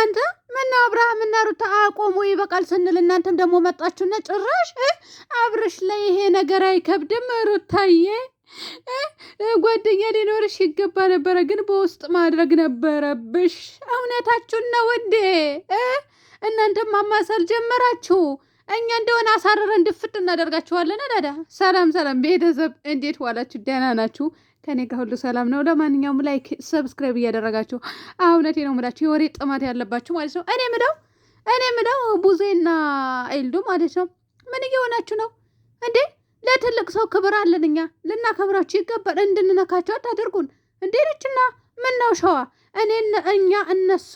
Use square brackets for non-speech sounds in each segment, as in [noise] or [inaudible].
አንተ ምነው አብርሃም እና ሩታ አቆሙ ይበቃል ስንል እናንተም ደግሞ መጣችሁና ጭራሽ አብርሽ ላይ ይሄ ነገር አይከብድም? ሩታዬ ጓደኛ ሊኖርሽ ይገባ ነበረ፣ ግን በውስጥ ማድረግ ነበረብሽ። እውነታችሁን ነው እንዴ? እናንተ ማማሰል ጀመራችሁ። እኛ እንደሆነ አሳረረ እንድፍጥ እናደርጋችኋለን። ዳዳ ሰላም ሰላም፣ ቤተሰብ እንዴት ዋላችሁ? ደህና ናችሁ? ከኔ ጋር ሁሉ ሰላም ነው። ለማንኛውም ላይክ፣ ሰብስክራይብ እያደረጋችሁ እውነቴ ነው የምላችሁ የወሬ ጥማት ያለባችሁ ማለት ነው። እኔ ምለው እኔ ምለው ቡዜና ኤልዱ ማለት ነው ምን እየሆናችሁ ነው እንዴ? ለትልቅ ሰው ክብር አለን እኛ ልናከብራችሁ ይገባል። እንድንነካቸው አታደርጉን እንዴ? ልችና ምን ነው ሸዋ እኔ እኛ እነሱ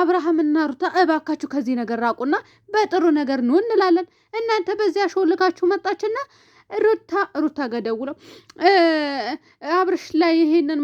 አብርሃምና ሩታ እባካችሁ ከዚህ ነገር ራቁና በጥሩ ነገር ኑ እንላለን። እናንተ በዚያ ሾልካችሁ መጣችና ሩታ ሩታ ጋር ደውለው አብርሽ ላይ ይሄንን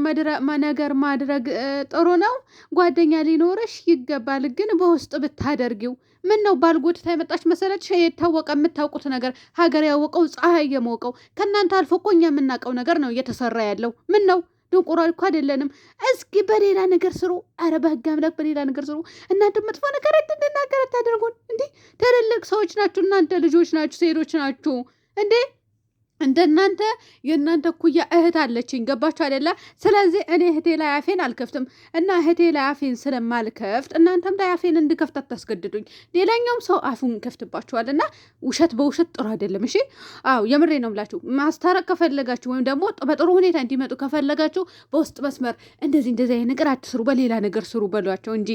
ነገር ማድረግ ጥሩ ነው፣ ጓደኛ ሊኖርሽ ይገባል፣ ግን በውስጥ ብታደርጊው ምን ነው ባልጎት የመጣች መሰለች። የታወቀ የምታውቁት ነገር ሀገር ያወቀው ፀሐይ የሞቀው ከእናንተ አልፎ እኮ እኛ የምናውቀው ነገር ነው እየተሰራ ያለው። ምን ነው ድንቁራ እኮ አይደለንም። እስኪ በሌላ ነገር ስሩ። አረ በህግ አምላክ በሌላ ነገር ስሩ። እናንተ መጥፎ ነገር እንድናገር አታደርጉን። እንዲህ ትልልቅ ሰዎች ናችሁ እናንተ፣ ልጆች ናችሁ፣ ሴቶች ናችሁ እንዴ እንደናንተ የእናንተ ኩያ እህት አለችኝ። ገባችሁ አይደለ? ስለዚህ እኔ እህቴ ላይ አፌን አልከፍትም እና እህቴ ላይ አፌን ስለማልከፍት እናንተም ላይ አፌን እንድከፍት አታስገድዱኝ። ሌላኛውም ሰው አፉን ከፍትባችኋል እና ውሸት በውሸት ጥሩ አይደለም። እሺ፣ አዎ፣ የምሬ ነው ብላችሁ ማስታረቅ ከፈለጋችሁ ወይም ደግሞ በጥሩ ሁኔታ እንዲመጡ ከፈለጋችሁ በውስጥ መስመር እንደዚህ እንደዚህ አይነት ነገር አትስሩ፣ በሌላ ነገር ስሩ በሏቸው እንጂ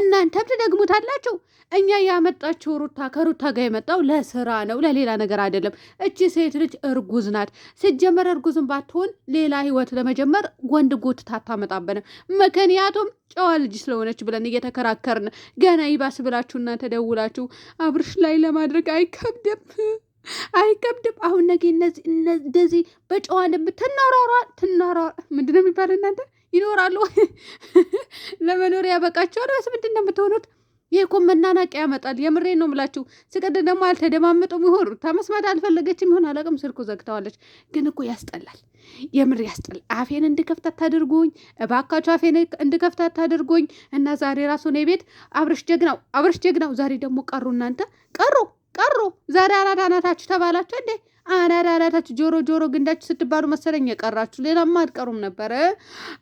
እናንተም ትደግሙታላችሁ። እኛ ያመጣችሁ ሩታ ከሩታ ጋር የመጣው ለስራ ነው፣ ለሌላ ነገር አይደለም። እቺ ሴት ልጅ እርጉ እርጉዝ ናት። ስጀመር እርጉዝን ባትሆን ሌላ ህይወት ለመጀመር ወንድ ጎትታ አታመጣበንም። ምክንያቱም ጨዋ ልጅ ስለሆነች ብለን እየተከራከርን ገና ይባስ ብላችሁና ተደውላችሁ አብርሽ ላይ ለማድረግ አይከብድም አይከብድም። አሁን ነገ እነዚህ እንደዚህ በጨዋ ትናሯሯ ትናሯ ምንድነው የሚባል እናንተ ይኖራሉ ለመኖሪያ ያበቃቸዋል ወይስ ምንድን ነው የምትሆኑት? ይህ እኮ መናናቅ ያመጣል። የምሬ ነው ምላችሁ። ሲቀድም ደግሞ አልተደማመጡም ይሆን ተመስማት አልፈለገችም ይሆን አላቅም። ስልኩ ዘግተዋለች። ግን እኮ ያስጠላል፣ የምር ያስጠላል። አፌን እንድከፍት አታድርጎኝ እባካችሁ፣ አፌን እንድከፍት አታድርጎኝ። እና ዛሬ ራሱ እኔ ቤት አብርሽ ጀግናው፣ አብርሽ ጀግናው ዛሬ ደግሞ ቀሩ። እናንተ ቀሩ፣ ቀሩ። ዛሬ አናዳናታችሁ ተባላችሁ እንዴ? አናዳዳታችሁ ጆሮ ጆሮ ግንዳችሁ ስትባሉ መሰለኝ የቀራችሁ። ሌላማ አድቀሩም ነበረ።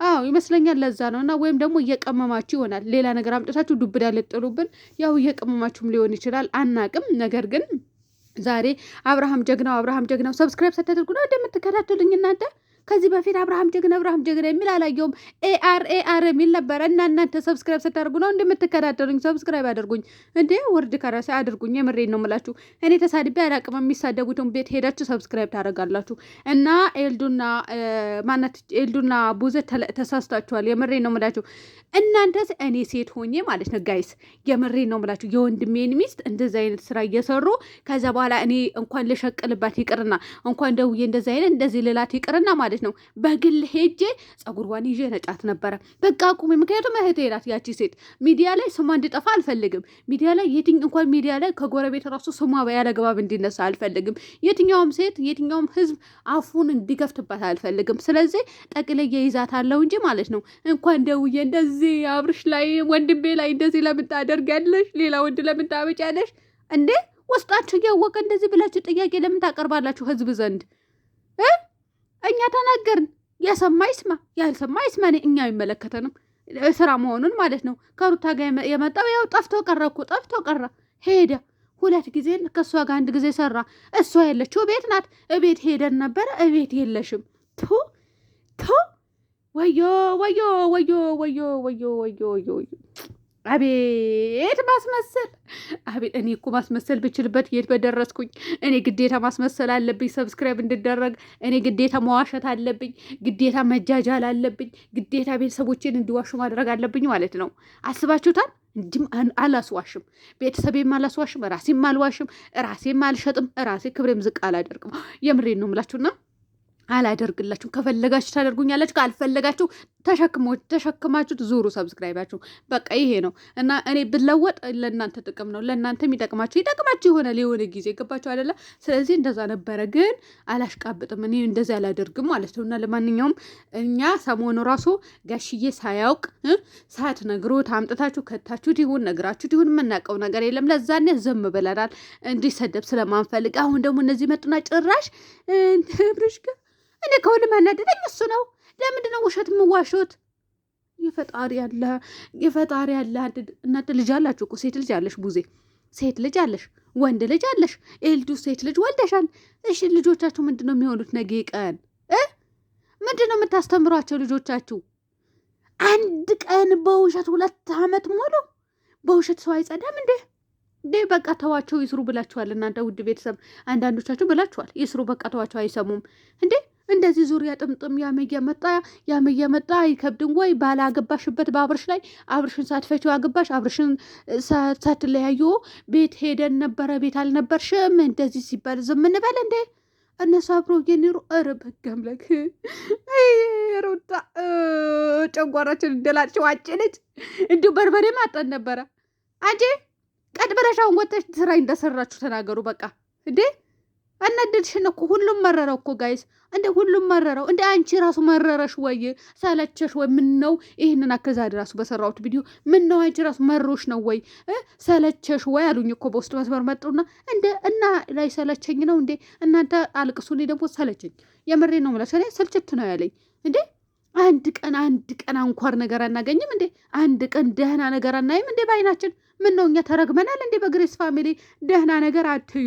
አዎ ይመስለኛል። ለዛ ነው እና ወይም ደግሞ እየቀመማችሁ ይሆናል። ሌላ ነገር አምጥታችሁ ዱብዳ ልጥሉብን። ያው እየቀመማችሁም ሊሆን ይችላል፣ አናቅም። ነገር ግን ዛሬ አብርሃም ጀግናው፣ አብርሃም ጀግናው። ሰብስክራይብ ሳታደርጉ ነው እንደምትከታተሉኝ እናንተ ከዚህ በፊት አብርሃም ጀግና አብርሃም ጀግና የሚል አላየውም። ኤአር ኤአር የሚል ነበረ እና እናንተ ሰብስክራይብ ስታደርጉ ነው እንደምትከታተሉኝ። ሰብስክራይብ አድርጉኝ እንዴ ወርድ ከረሰ አድርጉኝ። የምሬን ነው ምላችሁ እኔ ተሳድቤ አላቅም። የሚሳደጉትን ቤት ሄዳችሁ ሰብስክራይብ ታደርጋላችሁ። እና ኤልዱና ማነት ኤልዱና ቡዘ ተሳስታችኋል። የምሬን ነው ምላችሁ። እናንተስ እኔ ሴት ሆኜ ማለት ነው ጋይስ፣ የምሬን ነው ምላችሁ። የወንድሜን ሚስት እንደዚ አይነት ስራ እየሰሩ ከዛ በኋላ እኔ እንኳን ልሸቅልባት ይቅርና እንኳን ደውዬ እንደዚ አይነት እንደዚህ ልላት ይቅርና ማለት ማለት ነው። በግል ሄጄ ጸጉርዋን ይዤ ነጫት ነበረ። በቃ አቁሜ፣ ምክንያቱም እህቴ ናት ያቺ ሴት። ሚዲያ ላይ ስሟ እንዲጠፋ አልፈልግም። ሚዲያ ላይ የትኝ እንኳን ሚዲያ ላይ ከጎረቤት ራሱ ስሟ ያለ እንዲነሳ አልፈልግም። የትኛውም ሴት የትኛውም ህዝብ አፉን እንዲከፍትባት አልፈልግም። ስለዚህ ጠቅልዬ አለው እንጂ ማለት ነው። እንኳን ደውዬ እንደዚህ አብርሽ ላይ ወንድሜ ላይ እንደዚህ ለምን ታደርጊያለሽ? ሌላ ወንድ ለምን ታመጫለሽ እንዴ? ውስጣችሁ እያወቀ እንደዚህ ብላችሁ ጥያቄ ለምን ታቀርባላችሁ ህዝብ ዘንድ? እኛ ተናገርን። የሰማ ይስማ፣ ያልሰማ ይስማ። እኛ አይመለከተንም ስራ መሆኑን ማለት ነው። ከሩታ ጋር የመጣው ያው ጠፍቶ ቀረ እኮ ጠፍቶ ቀረ ሄደ። ሁለት ጊዜ ከእሷ ጋር አንድ ጊዜ ሰራ። እሷ የለችው ቤት ናት። እቤት ሄደን ነበረ። እቤት የለሽም። ቱ ቱ ወዮ ወዮ ወዮ ወዮ ወዮ ወዮ ወዮ አቤት ማስመሰል! አቤት እኔ እኮ ማስመሰል ብችልበት የት በደረስኩኝ። እኔ ግዴታ ማስመሰል አለብኝ ሰብስክራይብ እንድደረግ። እኔ ግዴታ መዋሸት አለብኝ፣ ግዴታ መጃጃል አለብኝ፣ ግዴታ ቤተሰቦችን እንዲዋሹ ማድረግ አለብኝ ማለት ነው። አስባችሁታል? እንዲም አላስዋሽም፣ ቤተሰቤም አላስዋሽም፣ ራሴም አልዋሽም፣ ራሴም አልሸጥም፣ ራሴ ክብሬም ዝቅ አላደርግም። የምሬን ነው የምላችሁና አላደርግላችሁም። ከፈለጋችሁ ታደርጉኛላችሁ፣ ካልፈለጋችሁ ተሸክማችሁ ዙሩ። ሰብስክራይባችሁ በቃ ይሄ ነው እና እኔ ብለወጥ ለእናንተ ጥቅም ነው። ለእናንተ የሚጠቅማችሁ ይጠቅማችሁ የሆነ ጊዜ ገባችሁ አይደለ? ስለዚህ እንደዛ ነበረ፣ ግን አላሽቃብጥም። እኔ እንደዚ አላደርግም ማለት ነው እና ለማንኛውም እኛ ሰሞኑ ራሱ ጋሽዬ ሳያውቅ ሳት ነግሮት አምጥታችሁ ከታችሁት ይሁን ነግራችሁት ይሁን የምናውቀው ነገር የለም። ለዛኔ ዝም ብለናል እንዲሰደብ ስለማንፈልግ። አሁን ደግሞ እነዚህ መጡና ጭራሽ ብርሽ እኔ ከሁሉም ያናደደኝ እሱ ነው። ለምንድን ነው ውሸት የምዋሾት? የፈጣሪ ያለ የፈጣሪ ያለ እናንተ ልጅ አላችሁ እኮ ሴት ልጅ አለሽ፣ ቡዜ ሴት ልጅ አለሽ፣ ወንድ ልጅ አለሽ። ኤልዱ ሴት ልጅ ወልደሻል። እሺ ልጆቻችሁ ምንድን ነው የሚሆኑት? ነገ ቀን ምንድን ነው የምታስተምሯቸው ልጆቻችሁ? አንድ ቀን በውሸት ሁለት አመት ሙሉ በውሸት ሰው አይጸዳም እንዴ? እንዴ በቃ ተዋቸው ይስሩ ብላችኋል። እናንተ ውድ ቤተሰብ አንዳንዶቻችሁ ብላችኋል፣ ይስሩ በቃ ተዋቸው አይሰሙም እንዴ? እንደዚህ ዙሪያ ጥምጥም ያም እየመጣ ያም እየመጣ አይከብድም ወይ? ባላገባሽበት በአብርሽ ላይ አብርሽን ሳትፈቺው አገባሽ፣ አብርሽን ሳትለያዩ ቤት ሄደን ነበረ፣ ቤት አልነበርሽም። እንደዚህ ሲባል ዝም እንበል እንዴ? እነሱ አብሮ እየኖሩ ኧረ በጋምለክ ሩጣ ጨጓራችን እንደላቸው አጭንጭ እንዲሁ በርበሬ ማጠን ነበረ። አንቺ ቀጥ ብለሽ ስራ እንደሰራችሁ ተናገሩ። በቃ እንዴ አናደድሽን እኮ ሁሉም መረረው እኮ ጋይስ፣ እንደ ሁሉም መረረው። እንደ አንቺ ራሱ መረረሽ ወይ ሰለቸሽ ወይ? ምን ነው ይህንን አከዛድ ራሱ በሰራሁት ቪዲዮ ምን ነው አንቺ ራሱ መሮሽ ነው ወይ ሰለቸሽ ወይ አሉኝ እኮ በውስጥ መስመር መጡና፣ እንደ እና ላይ ሰለቸኝ ነው እንዴ እናንተ አልቅሱ፣ እኔ ደግሞ ሰለቸኝ። የምሬ ነው የምላቸው እኔ ሰልችት ነው ያለኝ እንዴ አንድ ቀን አንድ ቀን አንኳር ነገር አናገኝም እንዴ? አንድ ቀን ደህና ነገር አናይም እንዴ? በአይናችን ምን ነው እኛ ተረግመናል እንዴ? በግሬስ ፋሚሊ ደህና ነገር አትዩ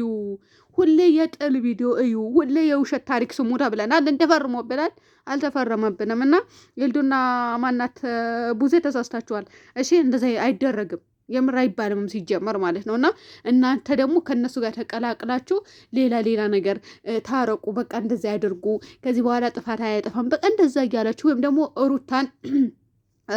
ሁሌ የጥል ቪዲዮ እዩ፣ ሁሌ የውሸት ታሪክ ስሙ ተብለናል። እንደፈርሞብናል፣ አልተፈረመብንም። እና ይልዱና ማናት ቡዜ ተሳስታችኋል። እሺ እንደዚ አይደረግም። የምር አይባልምም ሲጀመር ማለት ነው። እና እናንተ ደግሞ ከእነሱ ጋር ተቀላቅላችሁ ሌላ ሌላ ነገር ታረቁ፣ በቃ እንደዚ ያደርጉ፣ ከዚህ በኋላ ጥፋት አያጠፋም፣ በቃ እንደዛ እያላችሁ ወይም ደግሞ ሩታን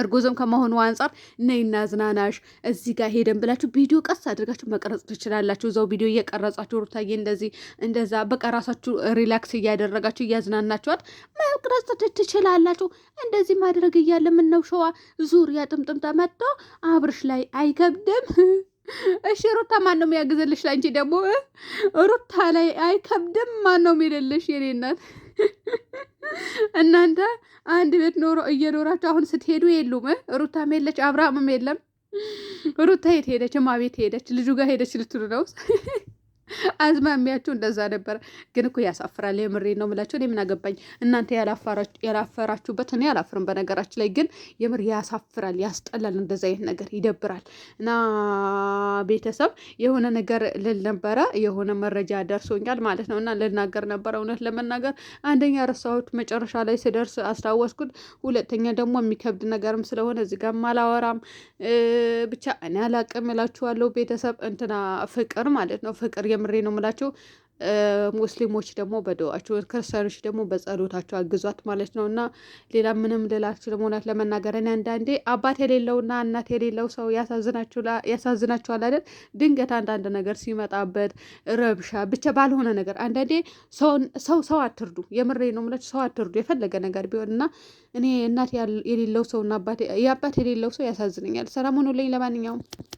እርጉዝም ከመሆኑ አንጻር ነይና ዝናናሽ እዚህ ጋር ሄደን ብላችሁ ቪዲዮ ቀስ አድርጋችሁ መቀረጽ ትችላላችሁ። እዛው ቪዲዮ እየቀረጻችሁ ሩታዬ እንደዚህ እንደዛ በቃ ራሳችሁ ሪላክስ እያደረጋችሁ እያዝናናችኋት መቅረጽ ትችላላችሁ። እንደዚህ ማድረግ እያለ ምነው ሸዋ ዙሪያ ጥምጥም ተመጥቶ አብርሽ ላይ አይከብድም? [laughs] እሺ ሩታ ማን ነው የሚያግዝልሽ? ላንቺ ደግሞ ሩታ ላይ አይከብድም? ማን ነው የሚልልሽ? የኔ እናት እናንተ አንድ ቤት ኖሮ እየኖራችሁ አሁን ስትሄዱ የሉም። ሩታም የለች፣ አብርሃምም የለም። ሩታ የት ሄደች? ማ ቤት ሄደች? ልጁ ጋር ሄደች ልትሉ ነው። አዝማሚያችሁ እንደዛ ነበር ግን እኮ ያሳፍራል። የምሬ ነው የምላቸው። እኔ ምን አገባኝ እናንተ ያላፈራችሁበት፣ እኔ አላፍርም። በነገራችን ላይ ግን የምር ያሳፍራል፣ ያስጠላል። እንደዛ አይነት ነገር ይደብራል። እና ቤተሰብ የሆነ ነገር ልል ነበረ፣ የሆነ መረጃ ደርሶኛል ማለት ነው እና ልናገር ነበረ። እውነት ለመናገር አንደኛ ረሳሁት፣ መጨረሻ ላይ ስደርስ አስታወስኩት። ሁለተኛ ደግሞ የሚከብድ ነገርም ስለሆነ እዚህ ጋር አላወራም። ብቻ እኔ አላቅም እላችኋለሁ ቤተሰብ። እንትና ፍቅር ማለት ነው ፍቅር የምሬ ነው የምላችሁ። ሙስሊሞች ደግሞ በዱዓቸው ክርስቲያኖች ደግሞ በጸሎታቸው አግዟት ማለት ነው። እና ሌላ ምንም ልላችሁ ደግሞ እውነት ለመናገር እኔ አንዳንዴ አባት የሌለውና እናት የሌለው ሰው ያሳዝናችኋል አይደል? ድንገት አንዳንድ ነገር ሲመጣበት ረብሻ፣ ብቻ ባልሆነ ነገር አንዳንዴ ሰው ሰው አትርዱ። የምሬ ነው የምላችሁ ሰው አትርዱ፣ የፈለገ ነገር ቢሆን እና እኔ እናት የሌለው ሰው የአባት የሌለው ሰው ያሳዝነኛል። ሰላም ሁኑልኝ። ለማንኛውም